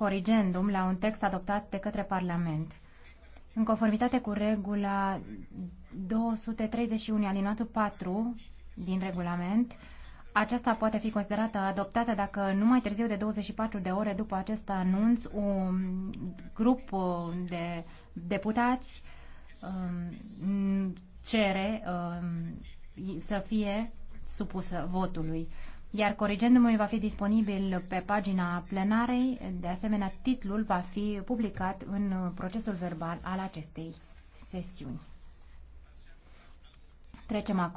corrigendum la un text adoptat de către Parlament. În conformitate cu regula 231 alinatul 4 din regulament, aceasta poate fi considerată adoptată dacă nu mai târziu de 24 de ore după acest anunț un grup de deputați um, cere um, să fie supusă votului iar corigendumul va fi disponibil pe pagina plenarei. De asemenea, titlul va fi publicat în procesul verbal al acestei sesiuni. Trecem acum